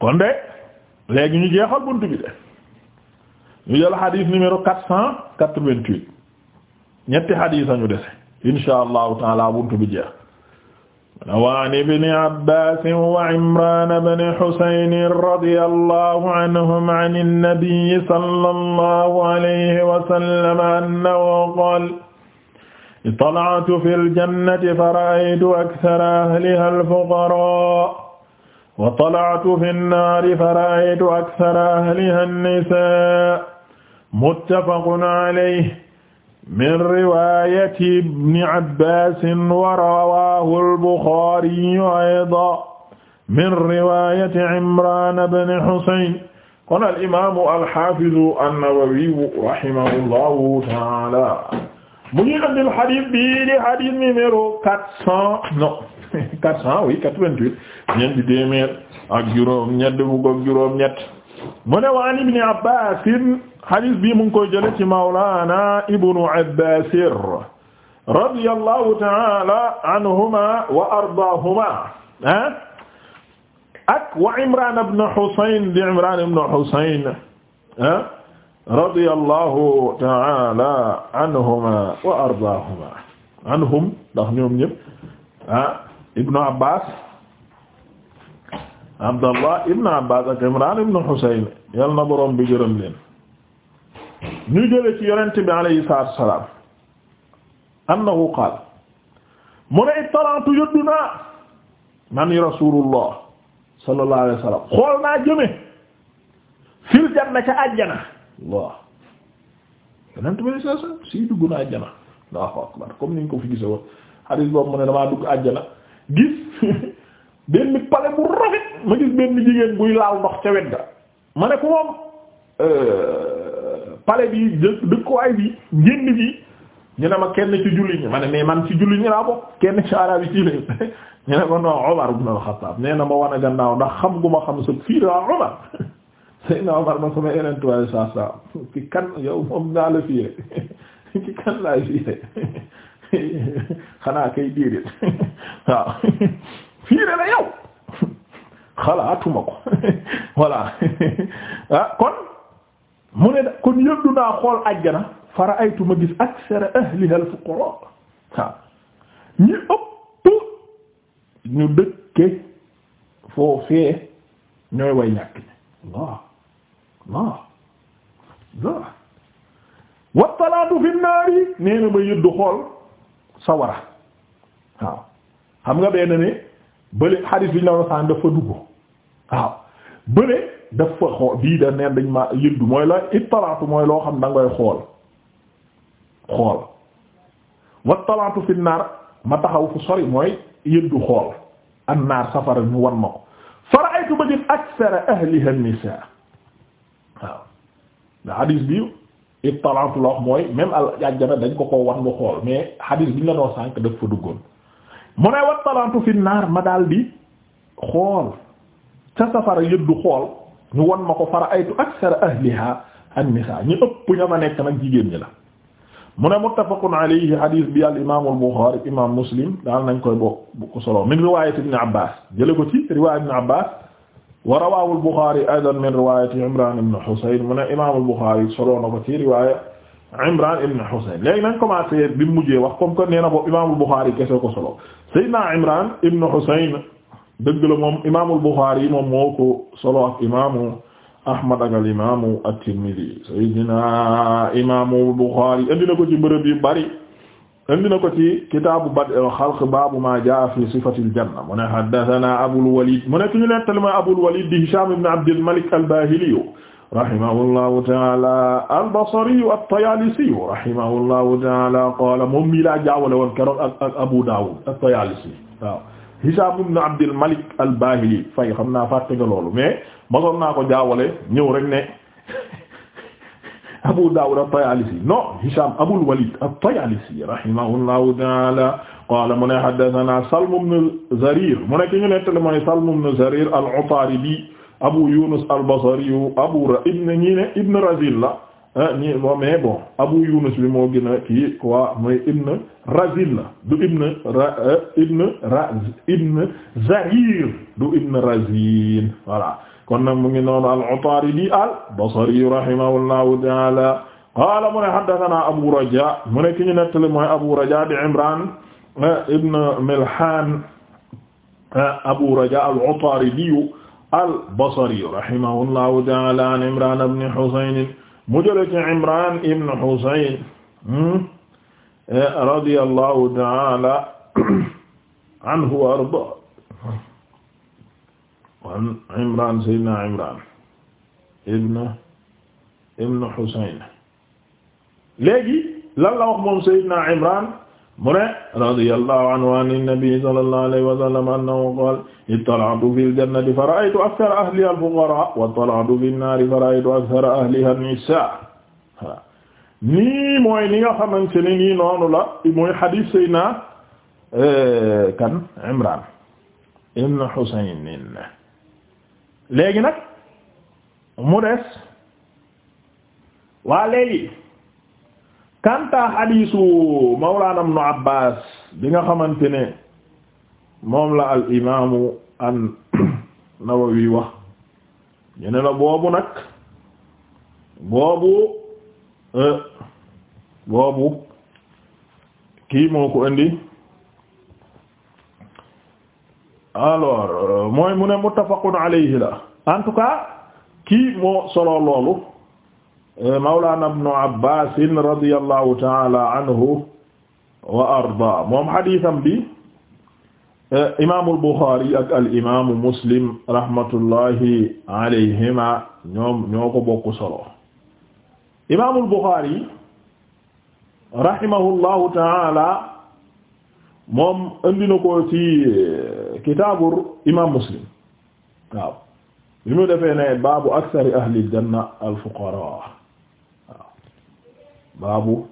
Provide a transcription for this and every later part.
kon de léegi ñu jeexal buntu bi de ñu jël xadis numéro quatre cent quatre-vingt-huit ñetti xadis añu dese insha allahu taala buntu bi jeex waan ibni abbasin wa imran bni husayn radi allahu anhum an annabiyi sala allahu alayhi wasallam annahu qaal italatu fi ljannati fa raaytu akthara ahliha alfuqara wa tala'tu fi nnaari fara'aytu akthara ahliha an-nisaa muttafaqun alayhi min riwaayati ibni abbaasin wa rawaahu al-buxaariyu aydan min riwaayati imraan ibni husayn kon al-imaamu al-haafizu an-nawawiyu rahimahullahu ta'aala mu ngi andil hadiis bi di hadiis numéro quatre cent neuf quatre cent oui quatre-vingt-huit ñeenti téeméer ak juróom ñett fukk ak juróom ñett mu ne wa an ibni abbasin hadis bi mu ngi koy jële ci mawlana ibnu abbasir radiyallahu ta'ala anhuma wa ardaahuma ah ak wa imran ibn husayn di imran ibn husayn ah radiyallahu ta'ala anhuma wa ardaahuma anhum ndax ñoom ñëpp ah ibnu abbas abdallah ibnu abbas ak imran ibnu husayn yal na borom bi gërëm leen ñu jële ci yonent bi alayhi salaatu wassalaam annahu qaala mu ne ittalaatu yëddu naa man rasulullah sallallahu alayhi wasallam xool naa jëme fil janna ca àjjana waaw yonent bi alayhi salaatu wassalaam si dugg na àjjana allahu akbar comme niñ ko fi gise woon hadis boobu mu ne damaa dugg àjjana gis benn pale bu rafet ma gis benn jigéen buy laal ndox ca wet ga ma ne ko moom euh, pale bi dëkkuwaay bi njënd bi ñu ne ma kenn ci julli ñi ma ne mais man ci julli ñi laa bokk kenn ci araab yi ci ñu ne ko non Omar ibn al-Khattab nee na ma wan a gannaaw ndax xam gu ma xam sa fii daa Omar Seydina Omar ma sama yeneen saa saa ci kan yow moom naa la fiire ci kan laay fiire xanaa kay déedéet waaw fii de xalaatuma ko voilà ah kon mu ne kon yëddu xool ajjana fara aytu ma gis aksara ahliha al fuqara waaw ñi ëpp ñu dëkke foofee ñooy way ñàkk ñi wattalaatu fi naari nee ma yëddu xool sawara waaw xam nga benn ne bële xadis bi ñu la war a sànni dafa dugg waaw bële dafa xool bii da neen dañ ma yëndu mooy la ittalaatu mooy loo xam da ngay xool xool wa talaatu fi naar ma taxaw fu sori mooy yëndu xool an naar safara ñu wan ma ko fara'aytu ba gis aksara ahliha an-nisaa waaw nga xadis bi ittalaatu la mooy même al ajjana dañ ko ko wan nga xool mais xadis bi ñu la doon sànk daf fa duggoon. mune ne wat talantu fi naar ma daal di xool ca safara yëddu xool ñu won ma ko fara aytu aksara ahliha an nisa ñu ëpp ña ma nekk nag jigéen ñi la mu ne muttafaqun alayhi hadith bi al imam al bukhari imam muslim daal nañ koy bokk bu ko solo min riwayat ibn abbas jële ko ci riwayat ibn abbas wa rawahu al bukhari aidan min riwayat imran ibn husayn imam al bukhari solo na ko ci riwaya Imran ibn Husayn léegi nañ commencé bi mu mujjee wax comme que nee na boobu imaamul Bukhari kese ko solo Seydina Imran ibn Husayn dëgg la moom imaamul Bukhari moom moo ko solo ak imaamu Ahmad ak al imaamu at-Tirmidhi Seydina imaamul Bukhari indi na ko ci bërëb yu bari indi na ko ci kitaabu bad'il xalq baabu maa jaa'a fi sifatil janna mu ne haddathanaa Abul Walid mu ne ki ñu nettali ma Abul Walid di Hisham ibn Abdil Malik al-Bahili rahimahullahu taala albasariyu altayalisiyu rahimahullahu taala qaala moom mii laa jaawale woon keroog ak ak Abu Dawud altayalisi waaw Hisaam ibn Abdul Malik al-Bahili fay xam naa fàtte nga loolu mais masoon naa ko jaawale ñëw rek ne Abu Dawud at-Tayalisi non Hicham Abul Walid at-Tayalisi rahimahullahu ta'ala qala mu ne haddathana Salm ibn Zarir mu nekk ñu nettali mooy Salm ibn Zarir al-Utaribi Abu Yunus al-Basri yu Abu ibn ñii ne ibn Razil la ah, ñi bon mais bon Abu Yunus bi moo gën a kii quoi mooy ibn Razil la du ibn ra eh, ibn ra ibn Zahir du ibn Razil voilà kon nag mu ngi noonu al-Utaridi al-Basri rahimahullahu ta'ala qaala mu ne haddathana Abu Raja mu ne ki ñu nettali mooy Abu Raja di Imran eh, ibn Milhan eh, Abu Raja al-Utaridi al-Basri rahimahullahu ta'ala an Imran ibn Husayn mu jële ci Imran ibn Husayn hmm, radiyallahu ta'ala anhu wa ardaahu an Imran sayyidina Imran ibn ibn Husayn léegi lan la wax moom sayyidina Imran mu ne radiyallahu anhu an nabi sallallahu alayhi wa sallam annahu qaala ittala'tu fil jannati fa ra'aytu akthara ahliha al-fuqaraa wa ittala'tu fin naari fa ra'aytu akthara ahliha an-nisaa nii mooy ni nga xamante ne nii noonu la mooy hadiis Seydina euh, kan Imraan ibn Husayn léegi nag mu des waa léegi kanta hadisu mawlana ibn abbas bi nga xamante ne moom la al imamu an nawawi wax ñu ne la boobu nag boobu e, boobu kii moo ko indi alors euh, mooy mu ne muttafaqun alayhi la en kii moo solo loolu Euh, mawlana ibnu Abbaas radiyallahu ta'ala anhu wa arda moom hadiisam bi euh, imaamul Buxaari ak al imaamu Muslim rahmatullahi alayhima ñoom ñoo ko bokk solo imaamul Buxaari rahimahullahu ta'ala moom indi na ko ci euh, kitaabur imaam Muslim waaw bi mu defee ne baabu aksari ahli janna al fuqaraa baabu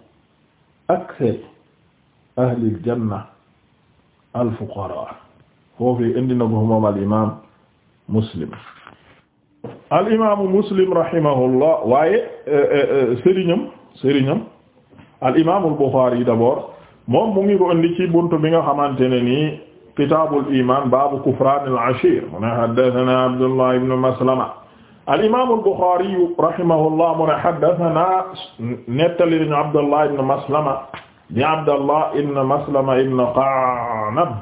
accès ahlil janna al fuqaraa foofee indi na ko moom al imaam muslim al imaamu waaye eh, eh, eh, sëriñam sëriñam al imaamul buxaari moom mu ngi ko indi ci buntu bi nga xamante ne nii kitaabul iimaan baabu kufraanil ashiir mu ne haddasanaa abdullah ibn maslama al-imaam al-Buxaari rahimahullah mu ne haddasanaa nettali nañu Abdallah ibn Maslama di Abdallah ibn Maslama ibn Qa'nab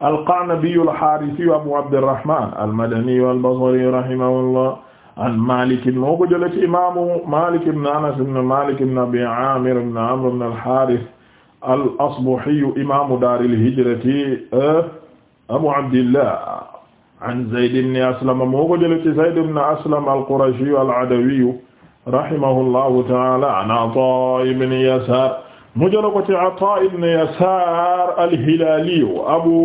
al-Qa'nabi al-Haarisi Abu Abdirrahmaan al-Madani al-Basri rahimahullah an Maalik moo ko jëlee ci imaamu Maalik ibn Anas ibn Maalik ibn Abi Aamir ibn Amr ibn al-Haarith al-Asbahi imaamu daaril hijrati eh, Abu Abdillah an Zayd ibn Aslam moo ko jëlee ci Zayd ibn Aslam al-Qurashi al-Adawi rahimahullahu ta'ala an Ata ibn Yasar mu jëlee ko ci Ata ibn Yasar al-Hilali Abu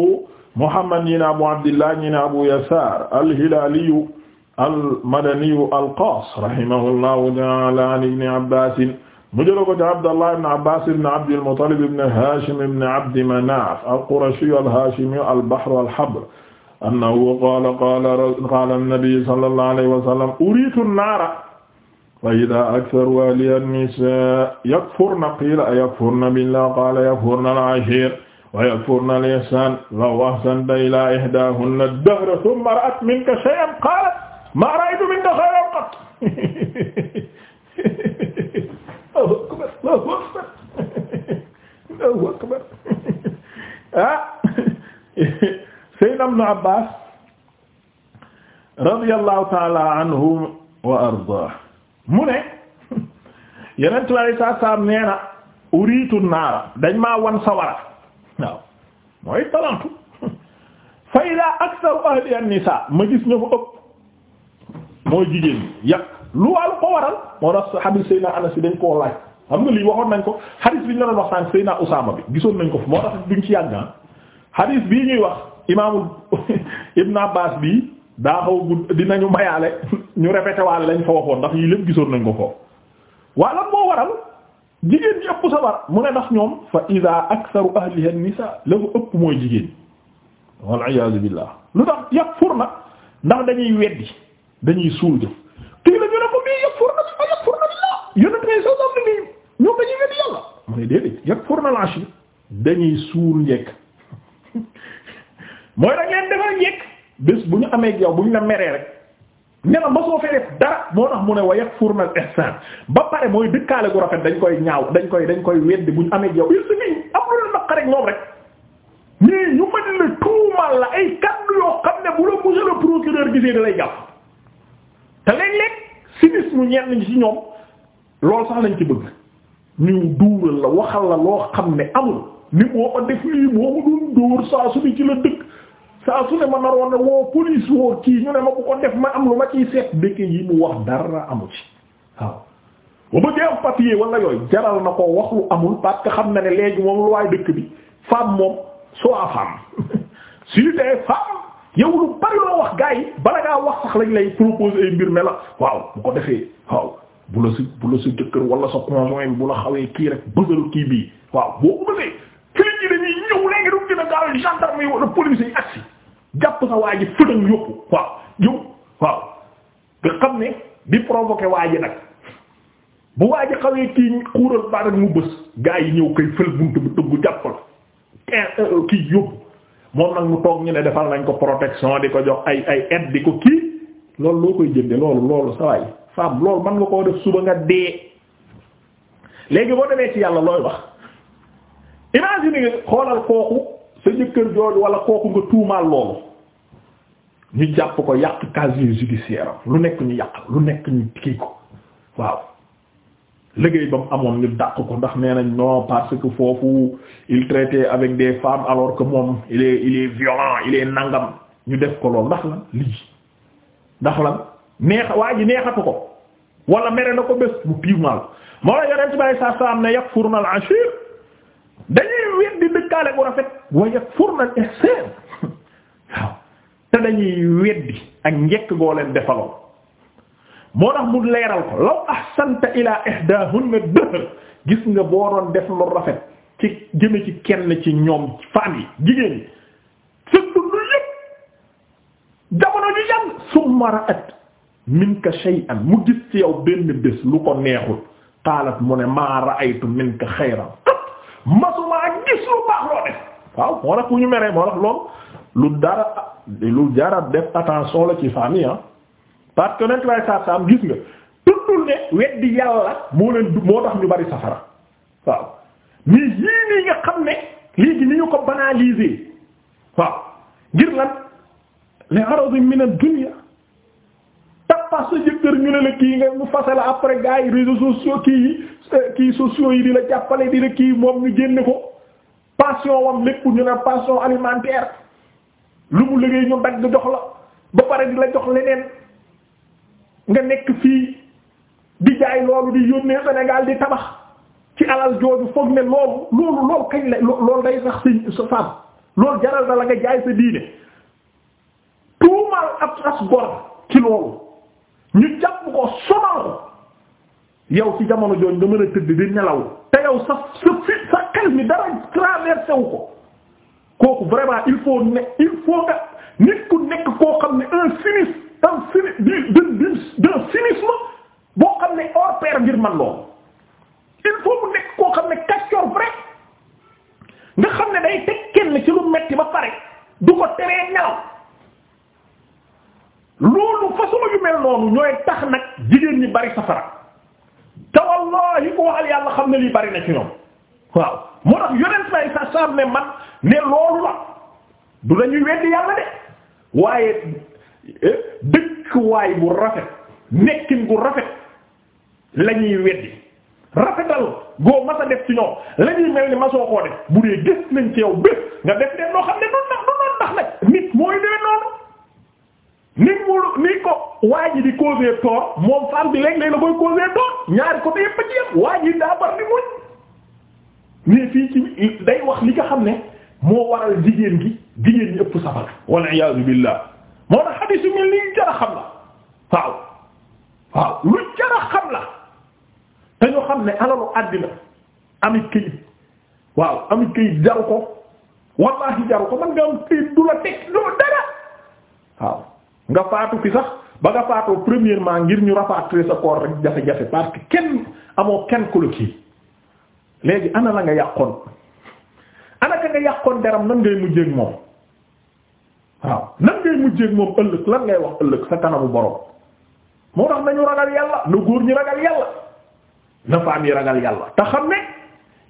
Muhammad ñi ne Abu Abdillah ñi ne Abu Yasar al-Hilali al-Madani al-Qas rahimahullahu ta'ala an Ibn Abbas mu jëlee ko ci Abdallah ibn Abbas ibn Abdil Muttalib ibn Hashim ibn Abdi Manaf al-Qurashi al-Hashimi al-Bahr al-Habr annahu qaala qaala an-nabi sallallahu alayhi wa sallam uriitu an-naara fa idaa aktharu ahlihaa an-nisaa yakfurna qiila ayakfurna billaah qaala yakfurna al-'ashiir wa yakfurna al-ihsaan law ahsanta ilaa ihdaahunna ad-dahra thumma ra'at minka shay'an qaalat maa ra'aytu minka khayran qatt Allahu akbar Allahu akbar ah Seydina Ibn Abbas radiyallahu taala anhu wa arda mu ne yenentu Yàlla saa saam nee uriitu naara dañ maa wan sawara waaw mooy talantu fa idaa aksaru ahli an ma gis ñu ko ëpp mooy jigéen yàq lu walu ko waral moo tax hadith Seydina Anas dañ koo laaj xam nga lii waxoon nañ ko hadith bi ñu doon wax sànq bi gisoon nañ ko fu moo tax duñ ci yàgg ah. hadith bii ñuy wax imaamu Ibn Abbas bi daa xaw dinañu mayaale ñu répété waale lañ fa waxoon ndax yii lépp gisoon nañ ko foofu waa lan moo waral jigéen ñi ëpp sabar mu ne ndax ñoom fa ida aktharu ahliha an-nisa la ko ëpp mooy jigéen wal iyaazu billah lu tax yakfurna ndax dañuy weddi dañuy suul jëf kii la ñu ne ko mii yakfurna fa yakfurna billah yonent soo sam ni ngi ñoom dañuy weddi yàlla mu ne déedéet yakfurna al-ashir dañuy suul njekk mooy da ngeen defal yëg bés bu ñu amee yow bu ñu la meree rek ne la mosoo fee def dara moo tax mu ne wa yakfurna nag ihsan ba pare mooy dëkkaale gu rafet dañ koy ñaaw dañ koy dañ koy weddi bu ñu amee yow il suffit am lu la naq rek ñoom rek. mais ñu mën la tuumal la ay kaddu yoo xam ne bu la monsieur le procureur gisee da lay jàpp te léeg-léeg cynisme ñenn ñi ci ñoom loolu sax lañ ci bëgg ñu duural la waxal la loo xam ne amul ni moo ko def lii dëkk. saa su ne ma naroon na woo police woo kii ñu ne ma bu ko def ma am lu ma ciy seet dëkk yi mu wax dara amu ci waaw ma bëggee am papier wala yooyu jaral na ko wax lu amul parce que xam na ne léegi moom lu waay dëkk bi femme moom soo a femme s'il était femme yow lu bari loo wax gars yi bala ngaa wax sax lañ lay proposer ay mbir ne la waaw bu ko defee waaw bu la si bu la si jëkkër wala sa conjoint bu la xawee kii rek bëggal kii bii waaw boo ko bëggee fii ci jàpp sa waa ji fëtëng yóbbu waaw yóbbu waaw nga xam ne di provoquer waa ji nag bu waa ji xawee kii xuural baarak mu bës gaa yi ñëw koy fël buntu bu dëgg jàpp la euh, euh, kii yóbbu moom nag mu toog ñu ne defal nañ ko protection di ko jox ay ay aide di ko kii loolu loo koy jënde loolu loolu sa waay faam loolu mën nga koo def suba nga dee léegi boo demee ci yàlla looy wax imagine xoolal kooku sa jëkkër jooju wala kooku nga tuumaal loolu ñu jàpp ko yàq casier judiciaire lu nekk ñu yàq lu nekk ñu kii ko waaw liggéey ba mu amoon ñu dàq ko ndax nee nañ non parce que foofu il traitait avec des femmes alors que moom il est il est violent il est nangam ñu def ko loolu ndax lan lii ndax lan neex waa ji neexatu ko wala mere na ko bés bu piiw maal moo la yonent bi sallallahu alayhi wasallam ne yakfuruna al-ashir dañuy weddi dëkkaale bu rafet wa yakfurna al ihsan waaw dañuy weddi ak njekk goo leen moo tax mu leeral ko ila ihdahunna dahr gis nga boo doon def lu rafet ci jëme ci kenn ci ñoom femme yi jigéen yi sëddu lu summa ra'at minka shay'an mu gis ci yow benn bés lu ko neexul qaalat mu ne maa ra'aytu minka xayran masumaa gis lu baax loo def waaw moo tax ku ñu meree moo tax loolu lu dara lu jara def attention la ci famille ah parce que nag lay saa saam gis nga tuddul ne weddi yàlla moo leen moo tax ñu bari safara waaw mais nga xam ne léegi ni ñu ko banaliser waaw ngir lan li aradu min ad-dunya pas sa jëkkër ñu ne la kii nga mu fase la après gars yi réseaux sociaux kii yi euh, kii sociaux yi di la jàppale di la kii moom ñu génne ko pension wam lépp ñu ne pension alimentaire lu mu liggéey ñu dagg jox la ba pare di la jox leneen nga nekk fii di jaay loolu di yónnee Sénégal di tabax ci alal jooju foog ne loolu loolu loolu la loolu day sax sa femme loolu jaral na la nga jaay sa diine tuumal ab as ci loolu ñu jàpp ko sonal ko yow ci jamono jooju nga mën a tëdd di nelaw te yow sa sa xel mi dara traversé wu ko kooku vraiment il faut ne il faut nga nit ku nekk koo xam ne un sinistre un sinistre d'un cynisme boo xam ne hors ngir man il faut mu nekk koo xam ne castor vrai nga xam ne day teg kenn ci lu metti ba pare du ko teree nelaw loolu façon yu mel noonu ñooy tax nag jigéen ñi bari safara te wallahi ko waxal yàlla xam ne lii bari na ci ñoom waaw moo tax yonent bay sa sam ne man ne loolu la du dañuy weddi yàlla de waaye eh, dëkk waay bu rafet nekkin bu rafet lañuy weddi rafetal goo mas a def ci ñoom lañuy mel ni masoo koo def bu dee gis nañ ci yow bés nga def leen loo xam ne doon nax doon nax nag nit mooy dee noonu ni mu ni ko waa di causé tort moom femme bi léeg-léeg la koy causé tort ñaari côté yëpp a jeex waa ji daa bari muñ mais fii ci day wax li nga xam ne moo waral jigéen gi jigéen ñi ëpp safara wal iyaazu billah moo tax xadiis yu mel ni xam la waaw waaw lu jar a xam la te ñu xam ne alalu àddina amit këyit waaw amit këyit jaru ko wallahi jaru ko man nga am këyit du la teg du dara waaw nga faatu fi sax ba nga faatoo premièrement ngir ñu rapatrier sa corps rek jafe-jafe parce que kenn amoo kenn ku la kii léegi ana la nga yàqoon ana ka nga yàqoon deram nan ngay mujjeek moom waaw nan ngay mujjeek moom ëllëg lan ngay wax ëllëg sa kanamu borom moo tax nañu ragal yàlla na góor ñi ragal yàlla na faam yi ragal yàlla te xam ne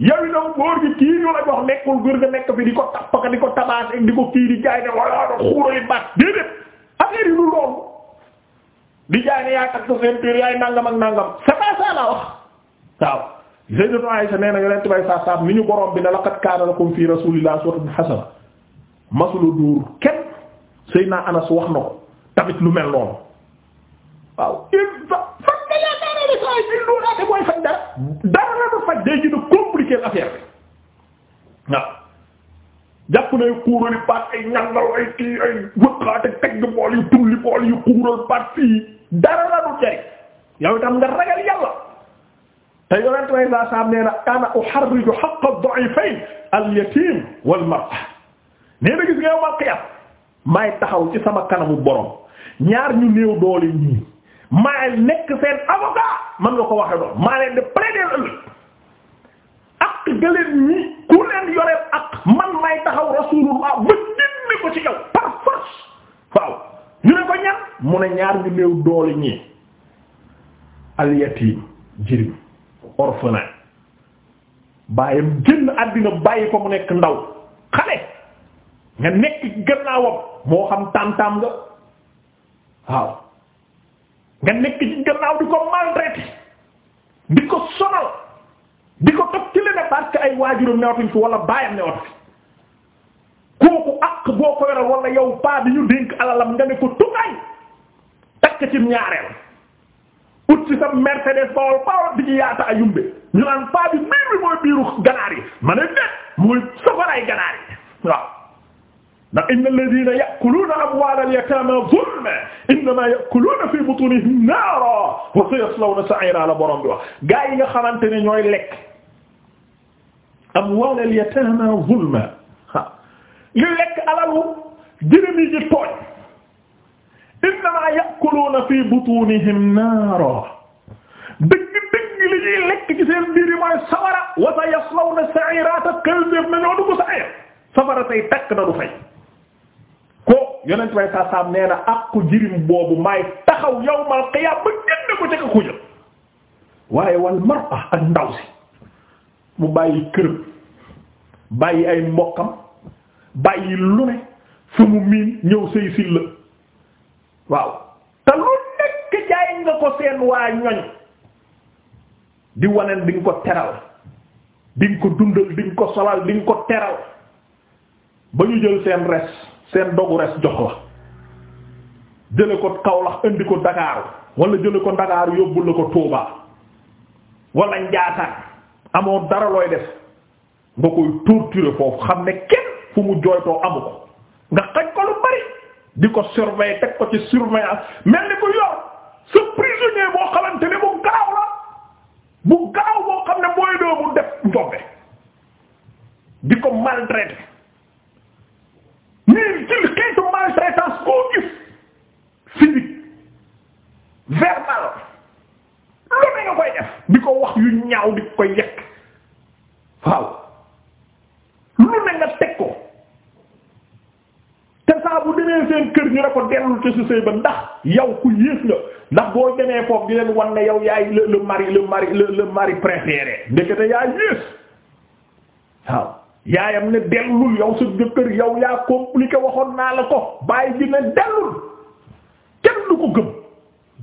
yow yi nag góor gi kii ñu la jox nekkul góor ga nekk fi di ko tappa di ko tabaas di ko kii di jaay ne walla di jaay ne yaay ak sa yaay nangam ak nangam c'est pas ça la wax waaw Sayyidatu Aisha nee na yonent bay saa saam ni ñu borom bi ne laqad kaana lakum fi rasulillahi uswatun hasana masula dóor kenn Sayyidina Anas wax na ko tamit lu mel noonu waaw il fa faj na yaakaar ne saa yi loolu daal mooy faj dara dara la du faj day gën a compliqué l'affaire bi waaw jàpp ne kuurali paat ay ñangal ay kii ay wëqaate tegg bool yu tulli bool yu kuural dara la du jariñ yow itam nga ragal yàlla te yonent way saa saam nee na ana uharriju haqq ad-da'ifayn al-yatim wal mar'a nee na gis nga yow ma qiyam taxaw ci sama kanamu borom ñaar ñu néew doole ñii maay nekk seen avocat man nga ko waxe doon maa leen di plaider ëllëg ak galeen ñi ku leen yoreel ak man maay taxaw rasulullah ba jënd ko ci yow par force waaw ñu ne ko ñan mu ne ñaar ñu néew doole ñi alyatim jirim orphelin bàyyam génn àddina bàyyi ko mu nekk ndaw xale nga nekk gannaawam moo xam taam-taam nga waaw nga nekk ci gannaaw di ko maltraité di ko sonal di ko toog ci leneen parce que ay waajuram fi wala bàyyam newatu fi kooku ak boo ko yoral wala yow paa bi ñu dénk alalam nga ne ko tukay takk ci ñaareel ut ci sa Mercedes bawol bawol bi ñu yaata a yumbe ñu naan paa bi biir bi mooy biiru ganaar yi ma ne net mooy safaraay ganaar yi waaw ndax inna alladhina ya'kuluna amwala al-yatama zulma innama ya'kuluna fi butunihim nara wa sayaslawna sa'ira la borom bi wax gaa yi nga xamante ne ñooy lekk amwala al-yatama zulma li lekk alalu jërëm yi ci tooñ innamaa ya'kuluuna fii butuunihim naara dëgg dëgg li ñuy lekk ci seen biir yi mooy sawara wa sa yaslawna sa'iira te xelséef na ñoo dugg sa'ir safara say takk na du fay ko yonent bay sa saam nee na àqu jirim boobu maay taxaw yawmal qiyaama ba génn ko ca ko jël waaye wal mar'a ak ndaw si mu bàyyi kërëm bàyyi ay mbokkam bàyyi lu ne fu mu miin ñëw sëy sil waaw te lu nekk jaay nga ko seen waa ñoñ di waneen di nga ko teral di nga ko dundal di nga ko solal di nga ko teral ba ñu jël seen res seen dogu res jox la jële ko Kaolack indi ko Dakar wala jële ko Dakar yóbbu la ko Touba wala Ndiassane amoo dara looy def nga koy torturer foofu xam ne kenn fu mu jooytoo amu ko nga xaj ko lu bari di ko surveiller teg ko ci surveillance mel ni ku yor sa boo xamante ne bu gaaw la bu gaaw boo xam ne mooy doo def njombe di ko maltraiter nii ci xeetu maltraitance koo gis physique verbal lu ne nga koy def di ko wax yu ñaaw di ko yekk waaw lu ne nga teg ko te saa bu demee seen kër ñu ne ko dellu ci su sëy ba ndax yow ku yées la ndax boo demee foofu di leen wan ne yow yaay le le mari le mari le le mari préféré yées waaw yaayam ne dellul yow sa jëkkër yow yaa compliqué waxoon naa la ko bàyyi ji ne dellul kenn du ko gëm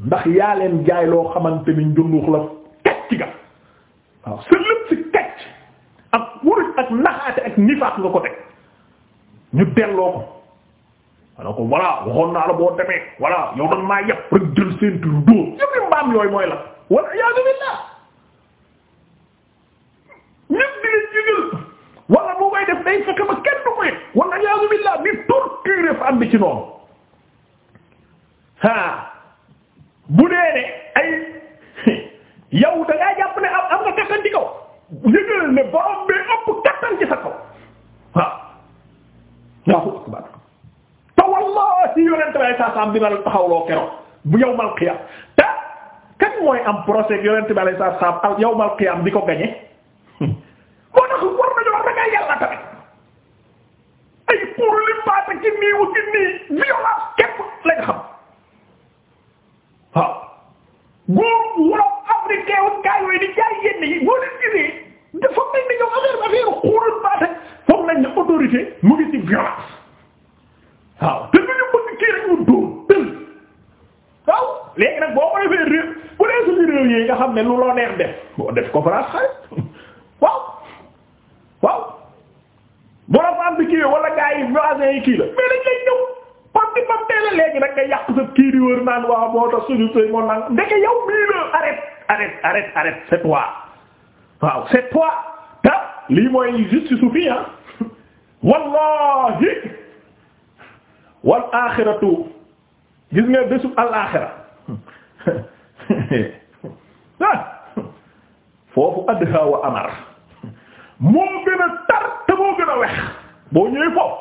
ndax yaa leen jaay loo xamante ni njunduux la kacc ga waaw sa lépp si kacc ak wuruj ak naxaate ak nifaat nga ko teg ñu delloo ko ma ne ko voilà waxoon naa la boo demee voilà yow da maa yàpp rek jël seen tur dóor yëpp mbaam yooyu mooy la wala iyaazu billaah ñëpp di leen jigal wala bu may def day fekk kenn du koy wala iyaazu billaah di torturer fa am bi ci noonu ah bu dee ne ay yow da am am nga kattan ci kaw yëgal ne borom bi ëpp kattan ci wallahi yonent bay saa saam dina la taxawloo keroog bu yawmal qiyaam te kan mooy am procès yonent bi alay saa saam al yawmal qiyaam di ko gañe moo tax war nañoo ragal yàlla tamit ay pour li paase ci nii wu ci nii violence képp lañ xam waaw góor wolof africain wu gaa yooyu di jaay yenn yi boo leen gisee dafa mel ni ñoom affaire affaire xuurul paase foog nañ ne autorité mu ngi ci waaw boo ko defee réew bu dee suñu réew yi nga xam ne lu loo neex def boo def ko France xarit waaw waaw bu la France bi kii wala gaa yi voisins yi kii la mais dañ lay ñëw parce que bam tee la léegi nag nga yàq sa kii di wër naan waaw moo tax suñu sëy moo naan ndeke yow mii la arrête arrête arrête arrête c'est waaw c'est toi te lii mooy justice su fii ah wallahi wal axiratu gis nga bésu al axira foofu adha wa amar moom gën a tar te moo gën a wex boo ñëwee foofu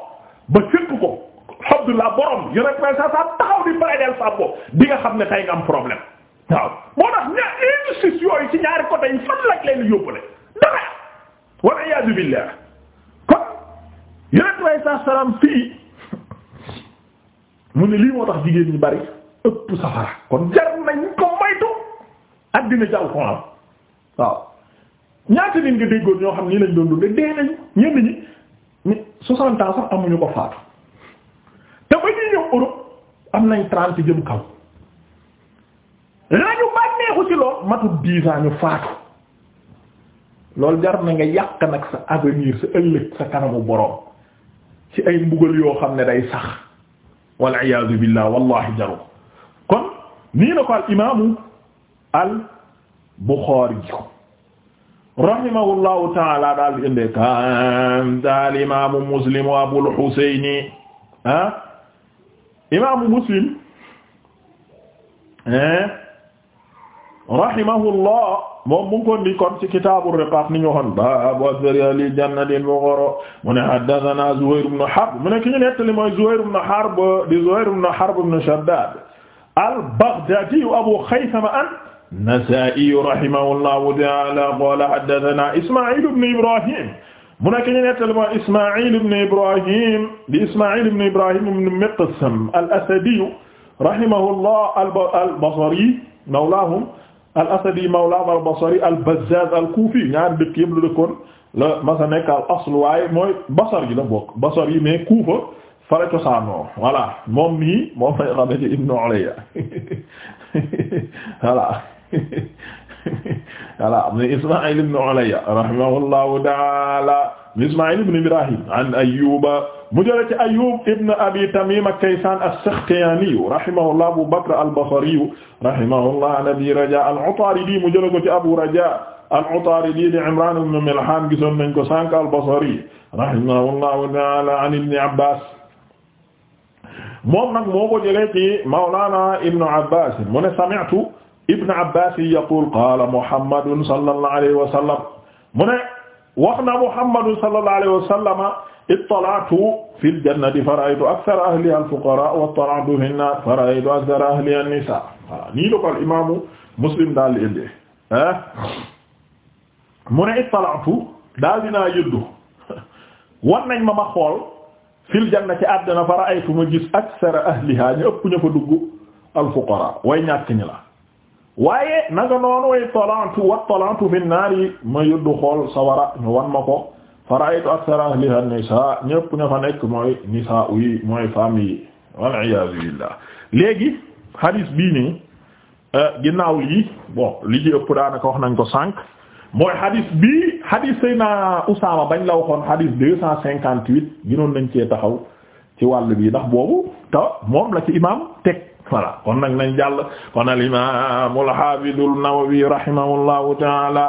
ba séntu ko alhamdulilah borom yeneen may sa taxaw di baradeel sa bopp di nga xam ne tey nga am problème waaw moo tax ña injustice yooyu ci ñaari côté yi fan lañ leen yóbbale dara wal iyaadu billah kon yeneen may sa fii mu ne lii moo tax jigéen ñi bari ëpp safara kon jar nañ ko moytu addina ci alxuraan waaw ñaata nit nga déggoon ñoo xam nii lañ doon dundee dee nañu ñenn ñi mais soixante amuñu ko faatu te ba ñuy ñëw Europe am nañ trente jëm kaw lañu bànneexu ci lool loolu jar na nga yàq nag sa avenir sa ëllëg sa kanamu boroom ci ay mbugal yoo xam ne day sax wal iyaadu billah wallahi jaru nii na ko al imaamu al Buxaari rahimahullahu taala daal di indee kanta al imaamu Muslim wa Abul Husayni ah imaamu Muslim rahimahullah moom mu ngi ko ndi kon ci kitaabu riqaaq ni ñu waxoon baabu asari ali jannatin bu goro mu ne haddathana Zuhayr ibn Harb mu ne ki ñu nettali mooy Zuhayr ibn Harb di Zuhayr ibn Harb ibn Shaddad al-Baghdaadi Abu Khaythama an-Nasaa'i rahimahullahu ta'aala qaala haddathanaa Ismaa'iil ibn Ibraahiim mu nekk ñu nettali ma Ismaa'iil ibn Ibraahiim di Ismaa'iil ibn Ibraahiim ibn Miqsam al-Asadi rahimahullah al-Basri mawlaahum al-Asadi mawlaahum al-Basri al-Bazzaaz al-Kuufi ñaar dëkk yëpp lu dëkkoon la masa nekk al-asl waaye mooy Basar yi la bokk Basar yi mais Kuufa fala cosaanoo voilà moom mii moom may xame ci ibnu ulayya voilà voilà am na ismail ibnu ulayya rahimahullahu taala ismail ibnu ibrahim an ayyuba mu jële ci ayyub ibnu abi tamim kaysan as-sakhtiyani rahimahullah abu bakr al-basri rahimahullah an abi raja al-utaridi mu jële ko ci abu raja al-Utaridi di Imran ibn Milhan gisoon nañ ko sànq al-Basri rahimahullahu ta'ala an Ibn Abbas moom nag moo ko jëlee ci Mawlana Ibn Abbas mu ne sami'tu Ibn Abbas yaqul qaala Muhammadun sallallahu alayhi wa sallam mu ne wax na Muhammadun sallallahu alayhi wa sallam ittala'tu fil jannati fara'aytu akthara ahliha al-fuqara wa ittala'tu fin nar fara'aytu akthara ahliha an-nisa voilà nii la ko al imaamu Muslim daal di indee ah mu ne ittala'tu daal dinaa yëddu war nañ ma ma xool. fil janna ci àddina fa ra'aytu ma gis aksara ahliha ñu ëpp ñu fa dugg al fuqara way ñàkk la waaye nanga noonu way talantu wa talantu fi yi ma yuddu xool sawara ñu wan ma ko fa ra'aytu aksara ahliha nisaa ñu ëpp ñu fa nekk mooy nisaa yi mooy femme yi wal iyaazu billah léegi hadis bii nii euh, ginnaaw yi bo li ci ëpp daanaka wax nañ ko sànq mooy hadith bi hadith sayna Usaama bañ la waxoon hadith deux cent cinquante huit ginoon nañ cee taxaw ci wàll bi ndax boobu te moom la ci imaam teg voilà kon nag nañ jàll kon al imaam al haafidu an-Nawawi rahimahullahu ta'ala